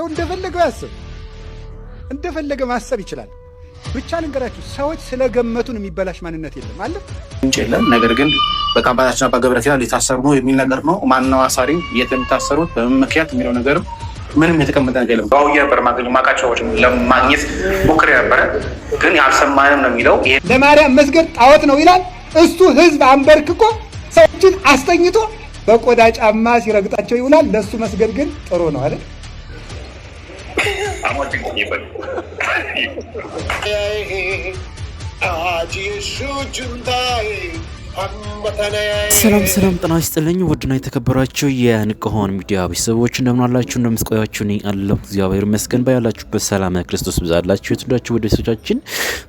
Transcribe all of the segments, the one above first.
ሰው እንደፈለገው ያስብ፣ እንደፈለገ ማሰብ ይችላል። ብቻ ልንገራችሁ፣ ሰዎች ስለገመቱን የሚበላሽ ማንነት የለም አለ ምንጭ የለም። ነገር ግን በካምፓናችን አባ ገብረኪዳን ሊታሰሩ ነው የሚል ነገር ነው። ማነው አሳሪ፣ የት የሚታሰሩት፣ በምን ምክንያት የሚለው ነገርም ምንም የተቀመጠ ነገር የለም። በአውያ ነበር ማገኙ ማቃቸው ለማግኘት ሞክሬ ነበረ፣ ግን አልሰማንም ነው የሚለው። ለማርያም መስገድ ጣዖት ነው ይላል እሱ። ህዝብ አንበርክኮ ሰዎችን አስተኝቶ በቆዳ ጫማ ሲረግጣቸው ይውላል። ለእሱ መስገድ ግን ጥሩ ነው አለ። 我 真气愤。ሰላም ሰላም ጤና ይስጥልኝ። ውድና የተከበራችሁ የንቅሆን ሚዲያ ቤተሰቦች እንደምናላችሁ እንደምስቆያችሁ እኔ አለሁ እግዚአብሔር ይመስገን። ባያላችሁበት ሰላም ክርስቶስ ብዛላችሁ። የትዳችሁ ወደ ቤተሰቦቻችን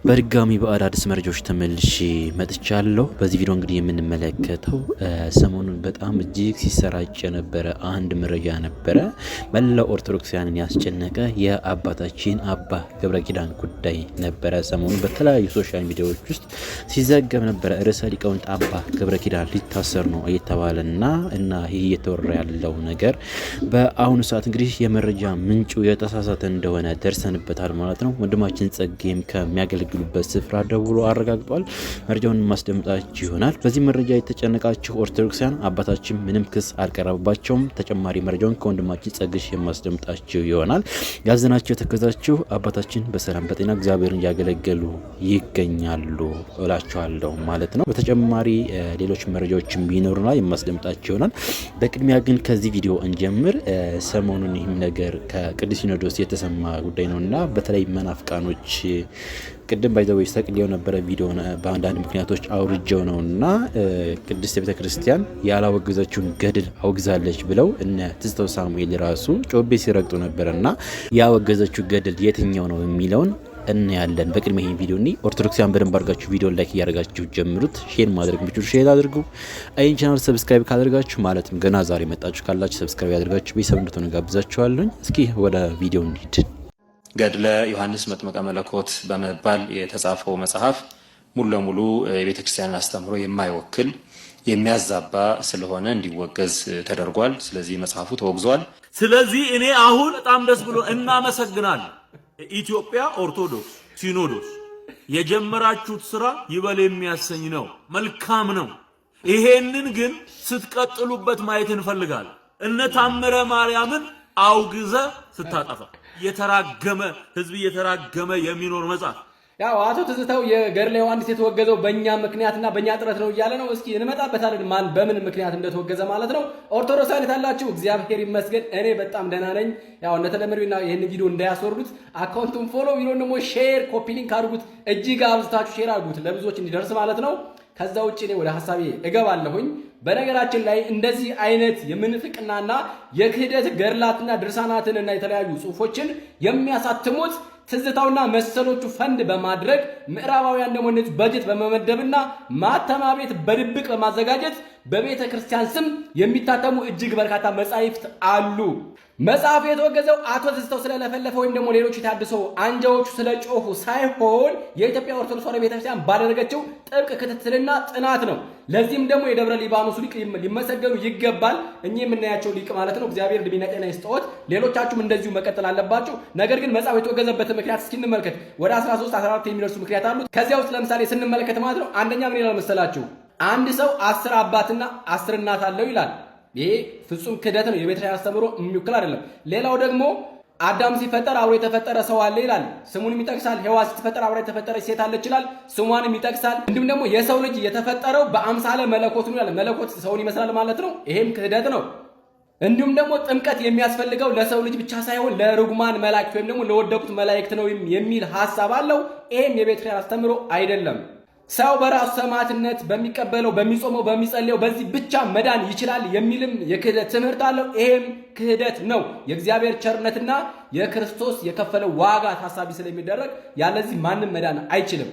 በድጋሚ በአዳዲስ መረጃዎች ተመልሼ መጥቻለሁ። በዚህ ቪዲዮ እንግዲህ የምንመለከተው ሰሞኑን በጣም እጅግ ሲሰራጭ የነበረ አንድ መረጃ ነበረ፣ መላው ኦርቶዶክሳውያንን ያስጨነቀ የአባታችን አባ ገብረ ኪዳን ጉዳይ ነበረ። ሰሞኑን በተለያዩ ሶሻል ሚዲያዎች ውስጥ ሲዘገብ ነበረ። ርዕሰ ሊቃውንት አባ ገብረ ኪዳን ሊታሰር ነው እየተባለ ና እና ይህ እየተወራ ያለው ነገር በአሁኑ ሰዓት እንግዲህ የመረጃ ምንጩ የተሳሳተ እንደሆነ ደርሰንበታል ማለት ነው። ወንድማችን ጸጌም ከሚያገለግሉበት ስፍራ ደውሎ አረጋግጧል። መረጃውን ማስደመጣችሁ ይሆናል። በዚህ መረጃ የተጨነቃችሁ ኦርቶዶክሳውያን አባታችን ምንም ክስ አልቀረበባቸውም። ተጨማሪ መረጃውን ከወንድማችን ጸግሽ የማስደምጣችሁ ይሆናል። ያዘናቸው የተከዛችሁ አባታችን በሰላም በጤና እግዚአብሔርን እያገለገሉ ይገኛሉ እላችኋለሁ ማለት ነው። በተጨማ ተጨማሪ ሌሎች መረጃዎችም ቢኖሩና የማስደምጣቸው ይሆናል። በቅድሚያ ግን ከዚህ ቪዲዮ እንጀምር። ሰሞኑን ይህም ነገር ከቅዱስ ሲኖዶስ የተሰማ ጉዳይ ነው እና በተለይ መናፍቃኖች ቅድም ባይዘወይ ሰቅሌው ነበረ ቪዲዮ በአንዳንድ ምክንያቶች አውርጀው ነው እና ቅድስት ቤተ ክርስቲያን ያላወገዘችውን ገድል አውግዛለች ብለው እነ ትዝተው ሳሙኤል ራሱ ጮቤ ሲረግጡ ነበረ እና ያወገዘችው ገድል የትኛው ነው የሚለውን እናያለን። በቅድሚያ ይህን ቪዲዮ እኔ ኦርቶዶክሲያን በደንብ አድርጋችሁ ቪዲዮን ላይክ እያደረጋችሁ ጀምሩት። ሼር ማድረግ ብቻ ሼር አድርጉ። አይን ቻናል ሰብስክራይብ ካደርጋችሁ ማለትም ገና ዛሬ መጣችሁ ካላችሁ ሰብስክራይብ ያደርጋችሁ ቤተሰብ እንድትሆኑ ጋብዛችኋለሁኝ። እስኪ ወደ ቪዲዮ እንሂድ። ገድለ ዮሐንስ መጥመቀ መለኮት በመባል የተጻፈው መጽሐፍ ሙሉ ለሙሉ የቤተ ክርስቲያንን አስተምሮ የማይወክል የሚያዛባ ስለሆነ እንዲወገዝ ተደርጓል። ስለዚህ መጽሐፉ ተወግዟል። ስለዚህ እኔ አሁን በጣም ደስ ብሎ እናመሰግናል ኢትዮጵያ ኦርቶዶክስ ሲኖዶስ የጀመራችሁት ስራ ይበል የሚያሰኝ ነው፣ መልካም ነው። ይሄንን ግን ስትቀጥሉበት ማየት እንፈልጋለን። እነ ታምረ ማርያምን አውግዘ ስታጠፋ የተራገመ ህዝብ እየተራገመ የሚኖር መጽሐፍ ያው አቶ ትዝታው የገድለ ዮሐንስ የተወገዘው በእኛ ምክንያትና በእኛ ጥረት ነው እያለ ነው። እስኪ እንመጣበታለን ማን በምን ምክንያት እንደተወገዘ ማለት ነው። ኦርቶዶክሳዊነት አላችሁ? እግዚአብሔር ይመስገን እኔ በጣም ደህና ነኝ። ያው እንደተለመደው ይህን ቪዲዮ እንዳያስወርዱት አካውንቱን ፎሎ ቢሎን ደግሞ ሼር ኮፒ ሊንክ አድርጉት፣ እጅግ አብዝታችሁ ሼር አድርጉት ለብዙዎች እንዲደርስ ማለት ነው። ከዛ ውጭ እኔ ወደ ሀሳቤ እገባለሁኝ። በነገራችን ላይ እንደዚህ አይነት የምንፍቅናና የክህደት ገድላትና ድርሳናትን እና የተለያዩ ጽሁፎችን የሚያሳትሙት ትዝታውና መሰሎቹ ፈንድ በማድረግ ምዕራባውያን ደግሞ በጀት በመመደብና ማተሚያ ቤት በድብቅ በማዘጋጀት በቤተ ክርስቲያን ስም የሚታተሙ እጅግ በርካታ መጻሕፍት አሉ። መጽሐፉ የተወገዘው አቶ ዝስተው ስለለፈለፈ ወይም ደግሞ ሌሎች የታድሶ አንጃዎቹ ስለጮሁ ሳይሆን የኢትዮጵያ ኦርቶዶክስ ተዋሕዶ ቤተክርስቲያን ባደረገችው ጥብቅ ክትትልና ጥናት ነው። ለዚህም ደግሞ የደብረ ሊባኖሱ ሊቅ ሊመሰገኑ ይገባል። እኚህ የምናያቸው ሊቅ ማለት ነው። እግዚአብሔር ዕድሜና ጤና ይስጠዎት። ሌሎቻችሁም እንደዚሁ መቀጠል አለባችሁ። ነገር ግን መጽሐፉ የተወገዘበት ምክንያት እስኪንመልከት ወደ 13 14 የሚደርሱ ምክንያት አሉ። ከዚያ ውስጥ ለምሳሌ ስንመለከት ማለት ነው አንደኛ ምን ይላል መሰላችሁ? አንድ ሰው አስር አባትና አስር እናት አለው ይላል። ይሄ ፍጹም ክህደት ነው። የቤተ ክርስቲያን አስተምሮ የሚወክል አይደለም። ሌላው ደግሞ አዳም ሲፈጠር አብሮ የተፈጠረ ሰው አለ ይላል፣ ስሙንም ይጠቅሳል። ሔዋን ሲፈጠር አብሮ የተፈጠረ ሴት አለች ይላል፣ ስሟንም ይጠቅሳል። እንዲሁም ደግሞ የሰው ልጅ የተፈጠረው በአምሳለ መለኮት ነው ይላል። መለኮት ሰውን ይመስላል ማለት ነው። ይሄም ክህደት ነው። እንዲሁም ደግሞ ጥምቀት የሚያስፈልገው ለሰው ልጅ ብቻ ሳይሆን ለርጉማን መላእክት ወይም ደግሞ ለወደቁት መላእክት ነው የሚል ሀሳብ አለው። ይሄም የቤተ ክርስቲያን አስተምሮ አይደለም። ሰው በራሱ ሰማዕትነት በሚቀበለው በሚጾመው በሚጸለየው በዚህ ብቻ መዳን ይችላል የሚልም የክህደት ትምህርት አለው። ይሄም ክህደት ነው። የእግዚአብሔር ቸርነትና የክርስቶስ የከፈለው ዋጋ ታሳቢ ስለሚደረግ ያለዚህ ማንም መዳን አይችልም።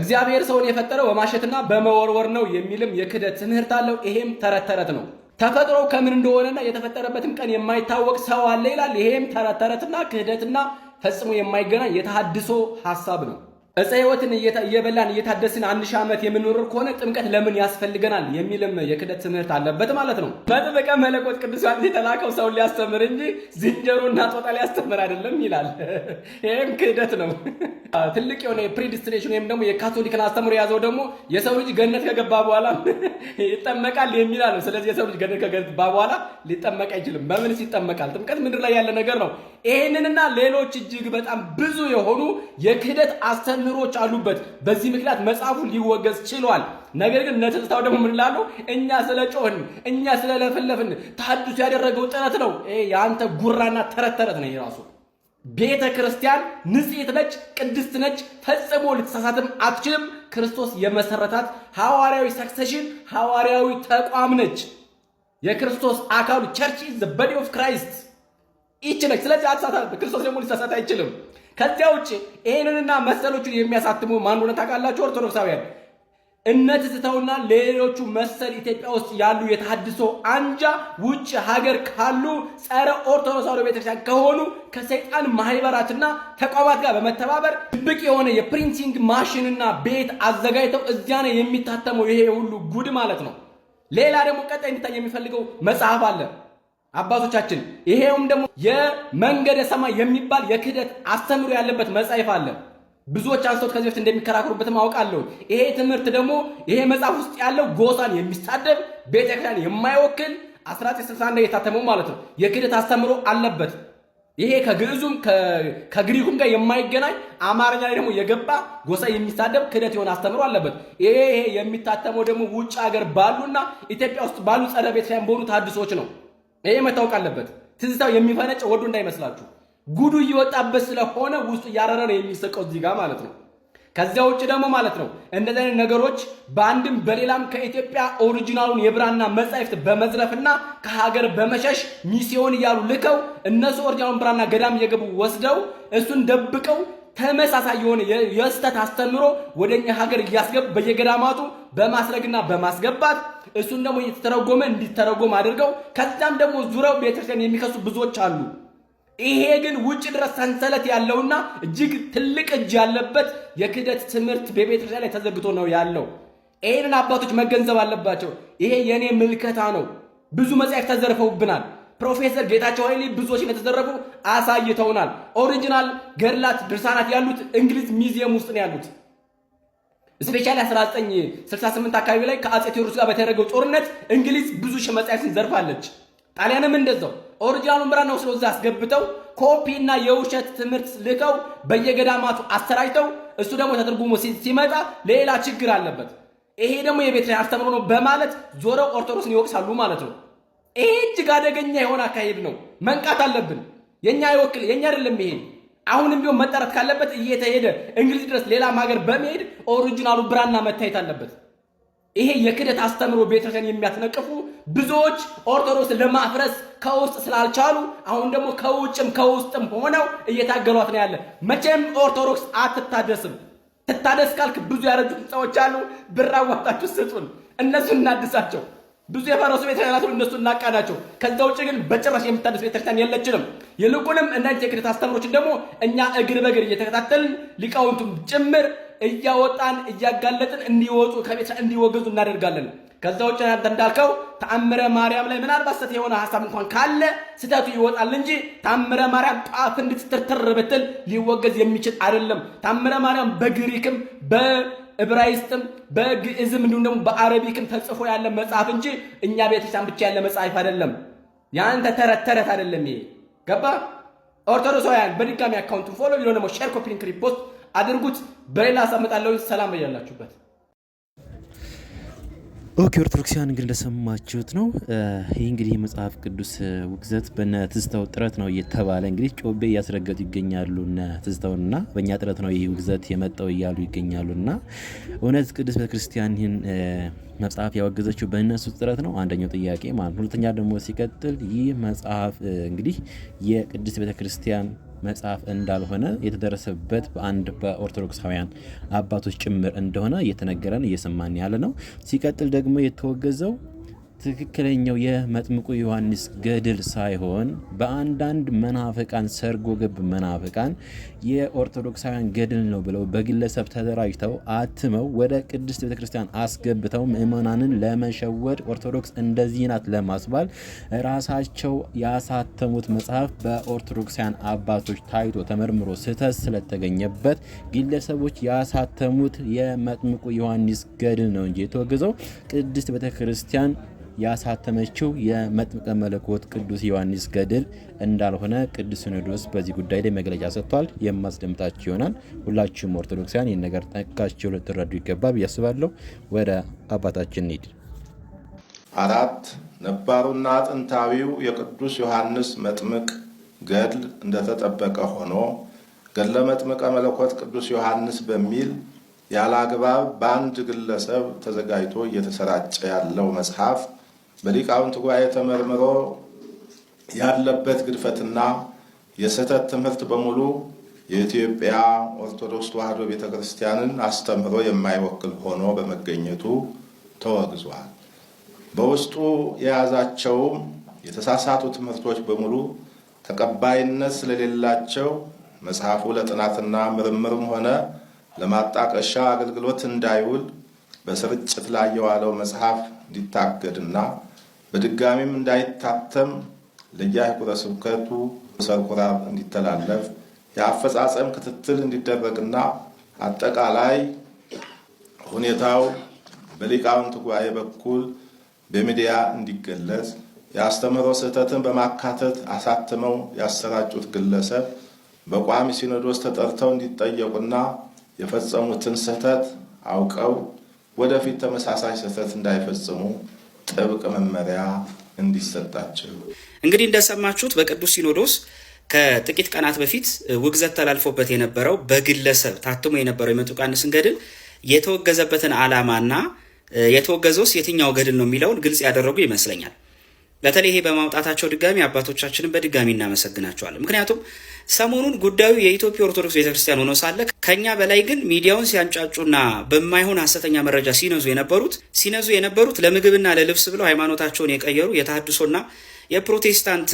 እግዚአብሔር ሰውን የፈጠረው በማሸትና በመወርወር ነው የሚልም የክህደት ትምህርት አለው። ይሄም ተረት ተረት ነው። ተፈጥሮ ከምን እንደሆነና የተፈጠረበትም ቀን የማይታወቅ ሰው አለ ይላል። ይሄም ተረት ተረትና ክህደትና ፈጽሞ የማይገናኝ የተሃድሶ ሀሳብ ነው። እፀ ሕይወትን እየበላን እየታደስን አንድ ሺህ ዓመት የምንኖር ከሆነ ጥምቀት ለምን ያስፈልገናል የሚልም የክደት ትምህርት አለበት ማለት ነው። መጥምቀ መለኮት ቅዱስ ዮሐንስ የተላከው ሰውን ሊያስተምር እንጂ ዝንጀሮና እና ጦጣ ሊያስተምር አይደለም ይላል። ይህም ክህደት ነው። ትልቅ የሆነ የፕሪዲስቲኔሽን ወይም ደግሞ የካቶሊክን አስተምሮ የያዘው ደግሞ የሰው ልጅ ገነት ከገባ በኋላ ይጠመቃል የሚላል ነው። ስለዚህ የሰው ልጅ ገነት ከገባ በኋላ ሊጠመቅ አይችልም። በምንስ ይጠመቃል? ጥምቀት ምድር ላይ ያለ ነገር ነው። ይህንንና ሌሎች እጅግ በጣም ብዙ የሆኑ የክህደት አስተምህሮች አሉበት። በዚህ ምክንያት መጽሐፉ ሊወገዝ ችሏል። ነገር ግን ነተስታው ደግሞ ምን ላሉ እኛ ስለ ጮህን፣ እኛ ለፈለፍን ታዱስ ያደረገው ጥረት ነው። የአንተ ጉራና ተረት ተረት ነው የራሱ ቤተ ክርስቲያን ንጽሕት ነች፣ ቅድስት ነች። ፈጽሞ ልትሳሳትም አትችልም። ክርስቶስ የመሰረታት ሐዋርያዊ ሰክሰሽን ሐዋርያዊ ተቋም ነች። የክርስቶስ አካሉ ቸርች ኢዝ ዘ ቦዲ ኦፍ ክራይስት ይቺ ነች። ስለዚህ አትሳሳት፣ ክርስቶስ ደግሞ ሊሳሳት አይችልም። ከዚያ ውጭ ይህንንና መሰሎቹን የሚያሳትሙ ማን ሆነ ታውቃላችሁ? ኦርቶዶክሳውያን እነዚህ ትተውና ሌሎቹ መሰል ኢትዮጵያ ውስጥ ያሉ የተሃድሶ አንጃ ውጭ ሀገር ካሉ ጸረ ኦርቶዶክስ ተዋሕዶ ቤተክርስቲያን ከሆኑ ከሰይጣን ማህበራትና ተቋማት ጋር በመተባበር ድብቅ የሆነ የፕሪንቲንግ ማሽንና ቤት አዘጋጅተው እዚያ ነው የሚታተመው። ይሄ ሁሉ ጉድ ማለት ነው። ሌላ ደግሞ ቀጣይ እንዲታይ የሚፈልገው መጽሐፍ አለ። አባቶቻችን ይሄውም ደግሞ የመንገደ ሰማይ የሚባል የክህደት አስተምሮ ያለበት መጽሐፍ አለ። ብዙዎች አንስቶት ከዚህ በፊት እንደሚከራከሩበትም አውቃለሁ። ይሄ ትምህርት ደግሞ ይሄ መጽሐፍ ውስጥ ያለው ጎሳን የሚሳደብ ቤተክርስቲያን የማይወክል 1961 የታተመው ማለት ነው የክህደት አስተምሮ አለበት። ይሄ ከግዕዙም ከግሪኩም ጋር የማይገናኝ አማርኛ ላይ ደግሞ የገባ ጎሳ የሚሳደብ ክህደት የሆነ አስተምሮ አለበት። ይሄ የሚታተመው ደግሞ ውጭ ሀገር ባሉና ኢትዮጵያ ውስጥ ባሉ ጸረ ቤተክርስቲያን በሆኑ ተሐድሶዎች ነው። ይሄ መታወቅ አለበት። ትዝታው የሚፈነጨ ወዱ እንዳይመስላችሁ ጉዱ እየወጣበት ስለሆነ ውስጡ እያረረ ነው የሚሰቀው እዚህ ጋር ማለት ነው። ከዚያ ውጭ ደግሞ ማለት ነው እንደዚህ አይነት ነገሮች በአንድም በሌላም ከኢትዮጵያ ኦሪጂናሉን የብራና መጻሕፍት በመዝረፍና ከሀገር በመሸሽ ሚስዮን እያሉ ልከው እነሱ ኦሪጂናሉን ብራና ገዳም እየገቡ ወስደው እሱን ደብቀው ተመሳሳይ የሆነ የስተት አስተምሮ ወደኛ ሀገር እያስገብ በየገዳማቱ በማስረግና በማስገባት እሱን ደግሞ እየተተረጎመ እንዲተረጎም አድርገው ከዛም ደግሞ ዙረው ቤተክርስቲያን የሚከሱ ብዙዎች አሉ። ይሄ ግን ውጭ ድረስ ሰንሰለት ያለውና እጅግ ትልቅ እጅ ያለበት የክህደት ትምህርት በቤተክርስቲያን ላይ ተዘግቶ ነው ያለው። ይህንን አባቶች መገንዘብ አለባቸው። ይሄ የእኔ ምልከታ ነው። ብዙ መጽሐፍ ተዘርፈውብናል። ፕሮፌሰር ጌታቸው ኃይሌ ብዙዎች እንደተዘረፉ አሳይተውናል። ኦሪጂናል ገድላት፣ ድርሳናት ያሉት እንግሊዝ ሚዚየም ውስጥ ነው ያሉት። ስፔሻሊ 68 አካባቢ ላይ ከአጼ ቴዎድሮስ ጋር በተደረገው ጦርነት እንግሊዝ ብዙ ሺህ መጻሕፍትን ዘርፋለች። ጣሊያንም እንደዛው ኦሪጂናሉን ብራና ወስደው እዛ አስገብተው ኮፒ እና የውሸት ትምህርት ልከው በየገዳማቱ አሰራጭተው እሱ ደግሞ ተተርጉሞ ሲመጣ ሌላ ችግር አለበት። ይሄ ደግሞ የቤት ላይ አስተምሮ ነው በማለት ዞረው ኦርቶዶክስን ይወቅሳሉ ማለት ነው። ይሄ እጅግ አደገኛ የሆነ አካሄድ ነው። መንቃት አለብን። የኛ አይወክል የኛ አይደለም ይሄ አሁንም ቢሆን መጠረት ካለበት እየተሄደ እንግሊዝ ድረስ ሌላም ሀገር በመሄድ ኦሪጂናሉ ብራና መታየት አለበት። ይሄ የክደት አስተምሮ ቤተክርስቲያን የሚያስነቅፉ ብዙዎች ኦርቶዶክስ ለማፍረስ ከውስጥ ስላልቻሉ አሁን ደግሞ ከውጭም ከውስጥም ሆነው እየታገሏት ነው ያለ። መቼም ኦርቶዶክስ አትታደስም። ትታደስ ካልክ ብዙ ያረጁ ህንፃዎች አሉ። ብር አዋጣችሁ ስጡን፣ እነሱ እናድሳቸው። ብዙ የፈረሱ ቤተክርስቲያናት እነሱ እናቃናቸው። ከዛ ውጭ ግን በጭራሽ የምታደስ ቤተክርስቲያን የለችንም። ይልቁንም እናንተ የክህደት አስተምሮችን ደግሞ እኛ እግር በእግር እየተከታተልን ሊቃውንቱም ጭምር እያወጣን እያጋለጥን እንዲወጡ ከቤት እንዲወገዙ እናደርጋለን። ከዛ ውጭ እንዳልከው ተአምረ ማርያም ላይ ምናልባት ስህተት የሆነ ሀሳብ እንኳን ካለ ስህተቱ ይወጣል እንጂ ተአምረ ማርያም ጣፍ እንድትትርትር ብትል ሊወገዝ የሚችል አይደለም። ተአምረ ማርያም በግሪክም በ ዕብራይስጥም በግዕዝም እንዲሁም ደግሞ በአረቢክም ተጽፎ ያለ መጽሐፍ እንጂ እኛ ቤተክርስቲያን ብቻ ያለ መጽሐፍ አይደለም። የአንተ ተረት ተረት አይደለም። ይሄ ገባ? ኦርቶዶክሳውያን በድጋሚ አካውንቱን ፎሎ ሊሆን ደግሞ ሼር፣ ኮፒ፣ ሊንክ፣ ሪፖስት አድርጉት። በሌላ አሳምጣለሁ። ሰላም በያላችሁበት ኦኬ ኦርቶዶክሲያን እንግዲህ እንደሰማችሁት ነው። ይህ እንግዲህ የመጽሐፍ ቅዱስ ውግዘት በነ ትዝታው ጥረት ነው እየተባለ እንግዲህ ጮቤ እያስረገጡ ይገኛሉ። እነ ትዝታውና በእኛ ጥረት ነው ይህ ውግዘት የመጣው እያሉ ይገኛሉ። እና እውነት ቅዱስ ቤተክርስቲያን ይህን መጽሐፍ ያወገዘችው በእነሱ ጥረት ነው። አንደኛው ጥያቄ ማለት ሁለተኛ ደግሞ ሲቀጥል ይህ መጽሐፍ እንግዲህ የቅዱስ ቤተክርስቲያን መጽሐፍ እንዳልሆነ የተደረሰበት በአንድ በኦርቶዶክሳውያን አባቶች ጭምር እንደሆነ እየተነገረን እየሰማን ያለ ነው። ሲቀጥል ደግሞ የተወገዘው ትክክለኛው የመጥምቁ ዮሐንስ ገድል ሳይሆን በአንዳንድ መናፍቃን ሰርጎ ገብ መናፍቃን የኦርቶዶክሳውያን ገድል ነው ብለው በግለሰብ ተደራጅተው አትመው ወደ ቅድስት ቤተክርስቲያን አስገብተው ምእመናንን ለመሸወድ ኦርቶዶክስ እንደዚህ ናት ለማስባል ራሳቸው ያሳተሙት መጽሐፍ በኦርቶዶክሳውያን አባቶች ታይቶ ተመርምሮ ስህተት ስለተገኘበት ግለሰቦች ያሳተሙት የመጥምቁ ዮሐንስ ገድል ነው እንጂ የተወገዘው ቅድስት ቤተክርስቲያን ያሳተመችው የመጥምቀ መለኮት ቅዱስ ዮሐንስ ገድል እንዳልሆነ ቅዱስ ሲኖዶስ በዚህ ጉዳይ ላይ መግለጫ ሰጥቷል። የማስደምጣችሁ ይሆናል። ሁላችሁም ኦርቶዶክሳውያን ይህን ነገር ጠንቅቃችሁ ልትረዱ ይገባል ብዬ አስባለሁ። ወደ አባታችን ሂድ። አራት ነባሩና ጥንታዊው የቅዱስ ዮሐንስ መጥምቅ ገድል እንደተጠበቀ ሆኖ ገድለ መጥምቀ መለኮት ቅዱስ ዮሐንስ በሚል ያለ አግባብ በአንድ ግለሰብ ተዘጋጅቶ እየተሰራጨ ያለው መጽሐፍ በሊቃውንት ጉባኤ ተመርምሮ ያለበት ግድፈትና የስህተት ትምህርት በሙሉ የኢትዮጵያ ኦርቶዶክስ ተዋሕዶ ቤተ ክርስቲያንን አስተምህሮ የማይወክል ሆኖ በመገኘቱ ተወግዟል። በውስጡ የያዛቸውም የተሳሳቱ ትምህርቶች በሙሉ ተቀባይነት ስለሌላቸው መጽሐፉ ለጥናትና ምርምርም ሆነ ለማጣቀሻ አገልግሎት እንዳይውል በስርጭት ላይ የዋለው መጽሐፍ እንዲታገድና በድጋሚም እንዳይታተም ለየአህጉረ ስብከቱ ሰርኩላር እንዲተላለፍ የአፈጻጸም ክትትል እንዲደረግና አጠቃላይ ሁኔታው በሊቃውንት ጉባኤ በኩል በሚዲያ እንዲገለጽ የአስተምህሮ ስህተትን በማካተት አሳትመው ያሰራጩት ግለሰብ በቋሚ ሲኖዶስ ተጠርተው እንዲጠየቁና የፈጸሙትን ስህተት አውቀው ወደፊት ተመሳሳይ ስህተት እንዳይፈጽሙ ጥብቅ መመሪያ እንዲሰጣቸው እንግዲህ እንደሰማችሁት በቅዱስ ሲኖዶስ ከጥቂት ቀናት በፊት ውግዘት ተላልፎበት የነበረው በግለሰብ ታትሞ የነበረው የመጡቃንስን ገድል የተወገዘበትን ዓላማና የተወገዘውስ የትኛው ገድል ነው የሚለውን ግልጽ ያደረጉ ይመስለኛል። በተለይ ይሄ በማውጣታቸው ድጋሚ አባቶቻችንን በድጋሚ እናመሰግናቸዋለን። ምክንያቱም ሰሞኑን ጉዳዩ የኢትዮጵያ ኦርቶዶክስ ቤተክርስቲያን ሆኖ ሳለ ከኛ በላይ ግን ሚዲያውን ሲያንጫጩና በማይሆን ሀሰተኛ መረጃ ሲነዙ የነበሩት ሲነዙ የነበሩት ለምግብና ለልብስ ብለው ሃይማኖታቸውን የቀየሩ የተሃድሶና የፕሮቴስታንት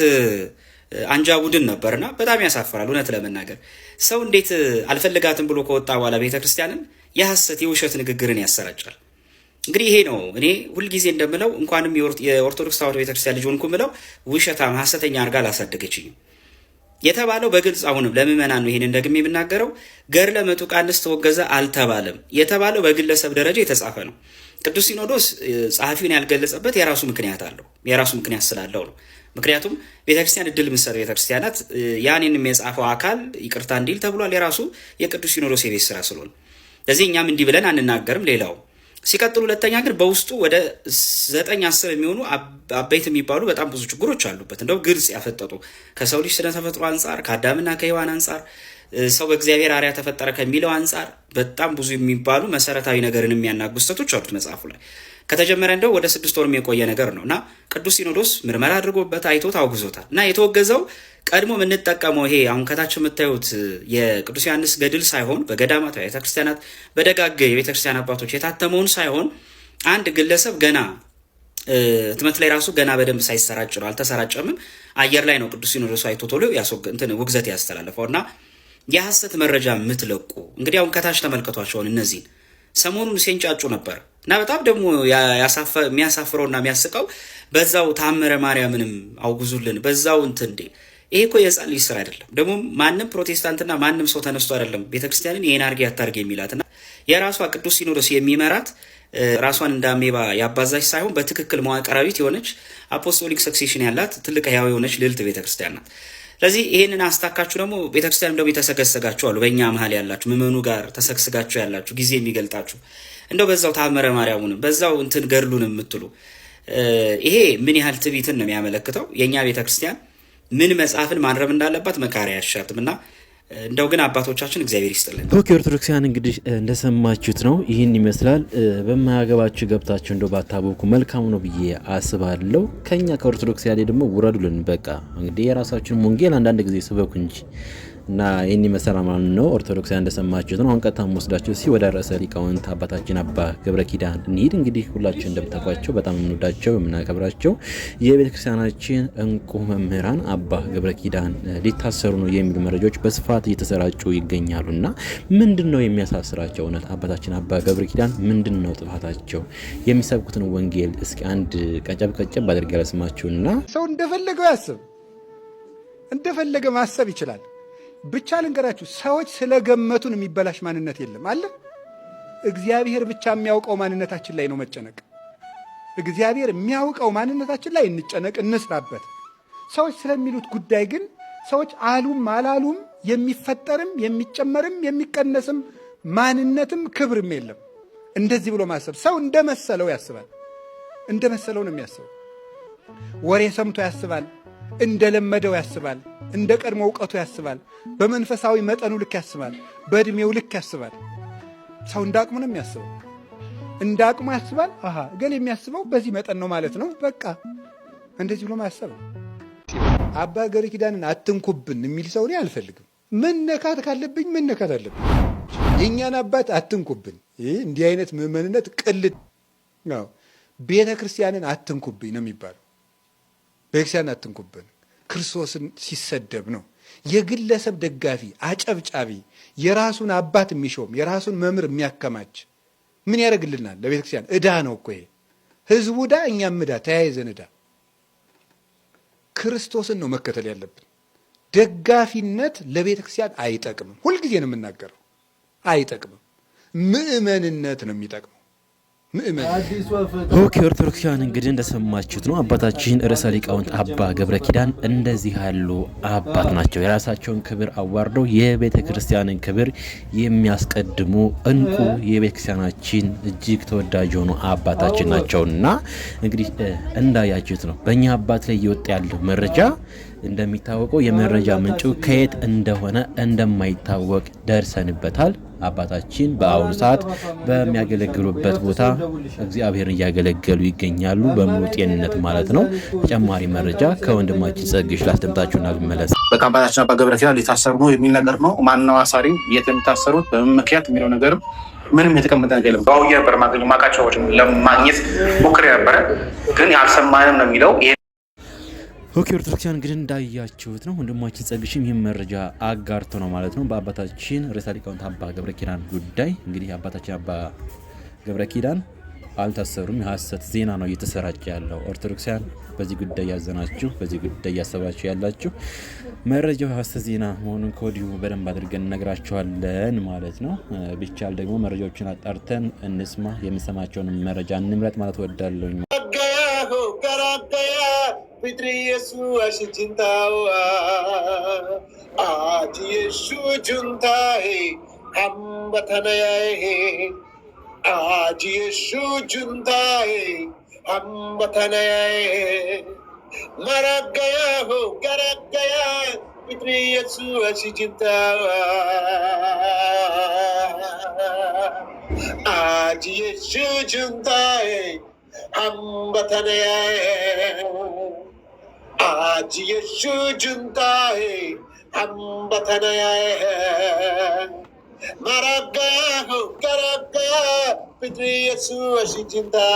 አንጃ ቡድን ነበርና በጣም ያሳፍራል። እውነት ለመናገር ሰው እንዴት አልፈልጋትም ብሎ ከወጣ በኋላ ቤተክርስቲያንን የሐሰት የውሸት ንግግርን ያሰራጫል። እንግዲህ ይሄ ነው እኔ ሁልጊዜ እንደምለው እንኳንም የኦርቶዶክስ ተዋሕዶ ቤተክርስቲያን ልጅ ሆንኩ ምለው ውሸታም ሀሰተኛ አድርጋ አላሳደገችኝም። የተባለው በግልጽ አሁንም ለምመና ነው። ይህንን ደግሜ የምናገረው ገድለ መቱቃንስ ተወገዘ አልተባለም። የተባለው በግለሰብ ደረጃ የተጻፈ ነው። ቅዱስ ሲኖዶስ ጸሐፊውን ያልገለጸበት የራሱ ምክንያት አለው። የራሱ ምክንያት ስላለው ነው። ምክንያቱም ቤተክርስቲያን እድል ምሰር ቤተክርስቲያናት ያንንም የጻፈው አካል ይቅርታ እንዲል ተብሏል። የራሱ የቅዱስ ሲኖዶስ የቤት ስራ ስለሆነ ለዚህ እኛም እንዲህ ብለን አንናገርም። ሌላው ሲቀጥል ሁለተኛ ግን በውስጡ ወደ ዘጠኝ አስር የሚሆኑ አበይት የሚባሉ በጣም ብዙ ችግሮች አሉበት። እንደው ግልጽ ያፈጠጡ ከሰው ልጅ ስነ ተፈጥሮ አንጻር ከአዳምና ከሔዋን አንጻር ሰው በእግዚአብሔር አርያ ተፈጠረ ከሚለው አንጻር በጣም ብዙ የሚባሉ መሰረታዊ ነገርን የሚያናጉ ስህተቶች አሉት መጽሐፉ ላይ። ከተጀመረ እንደው ወደ ስድስት ወርም የቆየ ነገር ነው እና ቅዱስ ሲኖዶስ ምርመራ አድርጎበት አይቶ ታውግዞታል እና የተወገዘው ቀድሞ የምንጠቀመው ይሄ አሁን ከታች የምታዩት የቅዱስ ዮሐንስ ገድል ሳይሆን በገዳማት ቤተክርስቲያናት፣ በደጋግ የቤተክርስቲያን አባቶች የታተመውን ሳይሆን አንድ ግለሰብ ገና ህትመት ላይ ራሱ ገና በደንብ ሳይሰራጭ ነው አልተሰራጨምም፣ አየር ላይ ነው ቅዱስ ሲኖዶስ አይቶ ቶሎ ውግዘት ያስተላለፈው እና የሐሰት መረጃ የምትለቁ እንግዲህ አሁን ከታች ተመልከቷቸውን እነዚህን ሰሞኑን ሲንጫጩ ነበር እና በጣም ደግሞ የሚያሳፍረውና የሚያስቀው በዛው ታምረ ማርያምንም አውጉዙልን በዛው እንትን እንዴ ይሄ እኮ የጻል ልጅ ስራ አይደለም። ደግሞ ማንም ፕሮቴስታንትና ማንም ሰው ተነስቶ አይደለም ቤተክርስቲያንን ይህን አርጌ አታርጌ የሚላት የራሷ ቅዱስ ሲኖዶስ የሚመራት ራሷን እንደ አሜባ ያባዛች ሳይሆን በትክክል መዋቅራዊት የሆነች አፖስቶሊክ ሰክሴሽን ያላት ትልቅ ህያው የሆነች ልዕልት ቤተክርስቲያን ናት። ስለዚህ ይህንን አስታካችሁ ደግሞ ቤተክርስቲያን እንደው የተሰገሰጋችሁ አሉ በእኛ መሀል ያላችሁ ምዕመኑ ጋር ተሰግስጋችሁ ያላችሁ ጊዜ የሚገልጣችሁ እንደው በዛው ታመረ ማርያሙንም በዛው እንትን ገድሉን የምትሉ ይሄ ምን ያህል ትቢትን ነው የሚያመለክተው? የእኛ ቤተክርስቲያን ምን መጽሐፍን ማንረብ እንዳለባት መካሪያ አይሻትም እና እንደው ግን አባቶቻችን እግዚአብሔር ይስጥልን። ኦኬ ኦርቶዶክሲያን እንግዲህ እንደሰማችሁት ነው፣ ይህን ይመስላል። በማያገባችሁ ገብታችሁ እንደው ባታቦኩ መልካም ነው ብዬ አስባለሁ። ከኛ ከኦርቶዶክሲያን ደግሞ ውረዱልን። በቃ እንግዲህ የራሳችን ወንጌል አንዳንድ ጊዜ ስበኩ እንጂ እና ይህን ይመሰላ ማለት ነው። ኦርቶዶክሳውያን እንደሰማችሁት ነው። አሁን ቀጥታ ወስዳችሁ እስኪ ወደ ርዕሰ ሊቃውንት አባታችን አባ ገብረ ኪዳን እንሂድ። እንግዲህ ሁላችሁ እንደምታውቋቸው በጣም የምንወዳቸው የምናከብራቸው የቤተ ክርስቲያናችን እንቁ መምህራን አባ ገብረ ኪዳን ሊታሰሩ ነው የሚሉ መረጃዎች በስፋት እየተሰራጩ ይገኛሉ። እና ምንድን ነው የሚያሳስራቸው? እውነት አባታችን አባ ገብረ ኪዳን ምንድን ነው ጥፋታቸው? የሚሰብኩትን ወንጌል እስኪ አንድ ቀጨብ ቀጨብ አድርጌ ያለስማችሁና ሰው እንደፈለገው ያስብ እንደፈለገ ማሰብ ይችላል። ብቻ ልንገራችሁ፣ ሰዎች ስለገመቱን የሚበላሽ ማንነት የለም አለ። እግዚአብሔር ብቻ የሚያውቀው ማንነታችን ላይ ነው መጨነቅ። እግዚአብሔር የሚያውቀው ማንነታችን ላይ እንጨነቅ፣ እንስራበት። ሰዎች ስለሚሉት ጉዳይ ግን ሰዎች አሉም አላሉም የሚፈጠርም የሚጨመርም የሚቀነስም ማንነትም ክብርም የለም። እንደዚህ ብሎ ማሰብ ሰው እንደ መሰለው ያስባል። እንደ መሰለው ነው የሚያስበው። ወሬ ሰምቶ ያስባል። እንደለመደው ያስባል። እንደ ቀድሞ እውቀቱ ያስባል። በመንፈሳዊ መጠኑ ልክ ያስባል። በእድሜው ልክ ያስባል። ሰው እንደ አቅሙ ነው የሚያስበው። እንደ አቅሙ ያስባል። አሃ እገሌ የሚያስበው በዚህ መጠን ነው ማለት ነው። በቃ እንደዚህ ብሎ ማሰብ ነው። አባ ገሪ ኪዳንን አትንኩብን የሚል ሰው እኔ አልፈልግም። መነካት ካለብኝ መነካት አለብኝ። የእኛን አባት አትንኩብን። እንዲህ አይነት ምዕመንነት ቅልድ ቤተ ክርስቲያንን አትንኩብኝ ነው የሚባለው። ቤተክርስቲያን አትንኩብን ክርስቶስን ሲሰደብ ነው። የግለሰብ ደጋፊ አጨብጫቢ፣ የራሱን አባት የሚሾም የራሱን መምህር የሚያከማች ምን ያደርግልናል? ለቤተ ክርስቲያን እዳ ነው እኮ ይሄ። ህዝቡ እዳ እኛም እዳ ተያይዘን እዳ ክርስቶስን ነው መከተል ያለብን። ደጋፊነት ለቤተ ክርስቲያን አይጠቅምም። ሁልጊዜ ነው የምናገረው፣ አይጠቅምም። ምዕመንነት ነው የሚጠቅመው። ኦኬ ኦርቶዶክሳውያን እንግዲህ እንደሰማችሁት ነው። አባታችን ርዕሰ ሊቃውንት አባ ገብረ ኪዳን እንደዚህ ያሉ አባት ናቸው። የራሳቸውን ክብር አዋርደው የቤተ ክርስቲያንን ክብር የሚያስቀድሙ እንቁ የቤተ ክርስቲያናችን እጅግ ተወዳጅ የሆኑ አባታችን ናቸው እና እንግዲህ እንዳያችሁት ነው በእኛ አባት ላይ እየወጣ ያለው መረጃ እንደሚታወቀው የመረጃ ምንጩ ከየት እንደሆነ እንደማይታወቅ ደርሰንበታል። አባታችን በአሁኑ ሰዓት በሚያገለግሉበት ቦታ እግዚአብሔርን እያገለገሉ ይገኛሉ። በሙሉ ጤንነት ማለት ነው። ተጨማሪ መረጃ ከወንድማችን ጸግሽ ላስደምጣችሁና ብመለስ በቃ አባ ገብረ ኪዳን ሊታሰሩ ነው የሚል ነገር ነው። ማነው አሳሪ? የት የሚታሰሩት? በምን ምክንያት የሚለው ነገርም ምንም የተቀመጠ ነገር የለም። በአውያ ነበር ማገኘ ማቃቸዎች ለማግኘት ሞክሬ ነበረ፣ ግን አልሰማንም ነው የሚለው ኦኬ ኦርቶዶክሲያን እንግዲህ እንዳያችሁት ነው። ወንድማችን ጸግሽም ይህም መረጃ አጋርቶ ነው ማለት ነው በአባታችን ርዕሰ ሊቃውንት አባ ገብረ ኪዳን ጉዳይ። እንግዲህ አባታችን አባ ገብረ ኪዳን አልታሰሩም፣ የሀሰት ዜና ነው እየተሰራጨ ያለው። ኦርቶዶክሲያን በዚህ ጉዳይ ያዘናችሁ፣ በዚህ ጉዳይ እያሰባችሁ ያላችሁ መረጃው የሀሰት ዜና መሆኑን ከወዲሁ በደንብ አድርገን እነግራችኋለን ማለት ነው። ቢቻል ደግሞ መረጃዎችን አጣርተን እንስማ፣ የምንሰማቸውን መረጃ እንምረጥ ማለት ወዳለኝ होकर आ गया पितृ यीशु चिंता हुआ आज यीशु जुंता है हम आए हैं आज यीशु जुंता है हम आए हैं मर गया हो कर गया पितृ यीशु चिंता हुआ आज यीशु जुंता है हम वतन आज यीशु जिंदा है हम वतन आए हैं मरगा हो करगा पितृ यीशु अशी जिंदा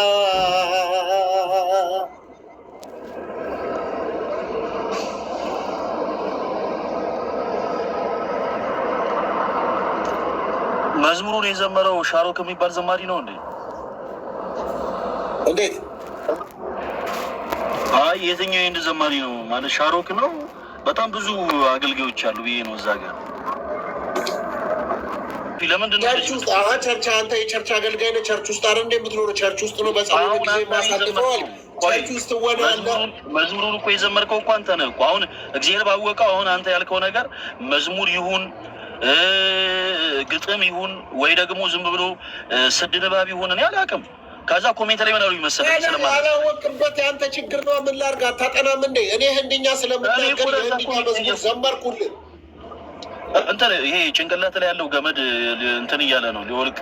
መዝሙሩን የዘመረው ሻሮክ የሚባል ዘማሪ ነው እንዴ? እንዴት? አይ የትኛው የህንድ ዘማሪ ነው ማለት ሻሮክ ነው። በጣም ብዙ አገልጋዮች አሉ ብዬ ነው እዛ ጋር ለምንድን ነው ቸርች? አንተ የቸርች አገልጋይ ነህ። ቸርች ውስጥ አረ እንደምትኖረው ቸርች ውስጥ ነው። በጸሎት ጊዜ ማሳልፈዋል ቸርች ውስጥ መዝሙሩን እኮ የዘመርከው እኮ አንተ ነህ እኮ። አሁን እግዚአብሔር ባወቀው አሁን አንተ ያልከው ነገር መዝሙር ይሁን ግጥም ይሁን ወይ ደግሞ ዝም ብሎ ስድ ንባብ ይሁን እኔ አላውቅም። ከዛ ኮሜንት ላይ ምናሉ ይመሰለኝ ስለማላወቅበት የአንተ ችግር ነው። ምን ላድርግ? አታጠናም እንዴ? እኔ ህንድኛ ስለምናገር ህንድኛ ዘመርኩልህ። እንትን ይሄ ጭንቅላት ላይ ያለው ገመድ እንትን እያለ ነው ሊወልቅ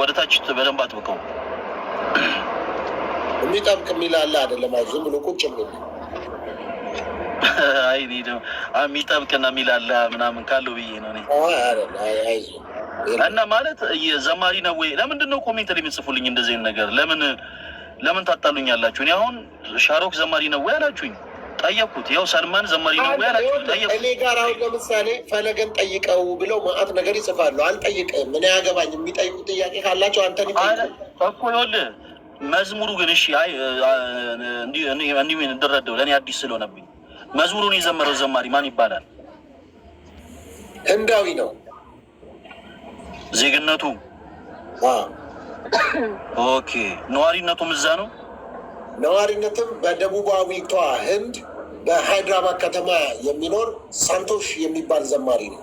ወደ ታች በደንብ አጥብቀው የሚጠብቅ የሚላለ አደለም። ዝም ብሎ ቁጭ ብሎ አይ የሚጠብቅና የሚላለ ምናምን ካለው ብዬ ነው። አይ እና ማለት ዘማሪ ነው ወይ? ለምንድን ነው ኮሜንት ላይ የምጽፉልኝ እንደዚህ ነገር? ለምን ለምን ታጣሉኛላችሁ? እኔ አሁን ሻሮክ ዘማሪ ነው ወይ አላችሁኝ፣ ጠየቅኩት። ያው ሰልማን ዘማሪ ነው ወይ አላችሁኝ፣ ጠየቅኩት። እኔ ጋር አሁን ለምሳሌ ፈለገን ጠይቀው ብለው ማአት ነገር ይጽፋሉ። አልጠይቅም፣ ምን ያገባኝ? የሚጠይቁ ጥያቄ ካላቸው አንተ እኮ ይኸውልህ። መዝሙሩ ግን እሺ፣ አይ እንዲሁ እንድረዳው ለእኔ አዲስ ስለሆነብኝ መዝሙሩን የዘመረው ዘማሪ ማን ይባላል? ህንዳዊ ነው ዜግነቱ ኦኬ። ነዋሪነቱም እዛ ነው። ነዋሪነትም በደቡባዊቷ ህንድ በሃይድራባድ ከተማ የሚኖር ሳንቶሽ የሚባል ዘማሪ ነው።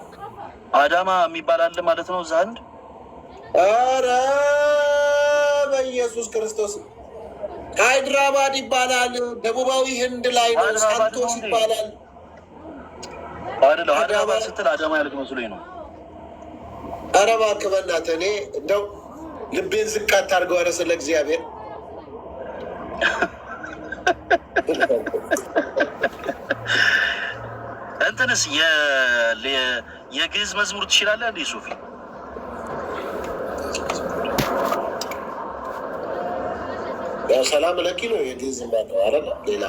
አዳማ የሚባል አለ ማለት ነው እዛ ህንድ። ኧረ በኢየሱስ ክርስቶስ ሃይድራባድ ይባላል። ደቡባዊ ህንድ ላይ ነው። ሳንቶሽ ይባላል። አዳማ ስትል አዳማ ያልክ መስሎኝ ነው። ኧረ እባክህ በእናትህ እኔ እንደው ልቤን ዝቅ አታድርገው። ኧረ ስለ እግዚአብሔር እንትንስ የግዕዝ መዝሙር ትችላለህ እንዴ ሶፊ? ያው ሰላም ለኪ ነው የግዕዝ ማ ሌላ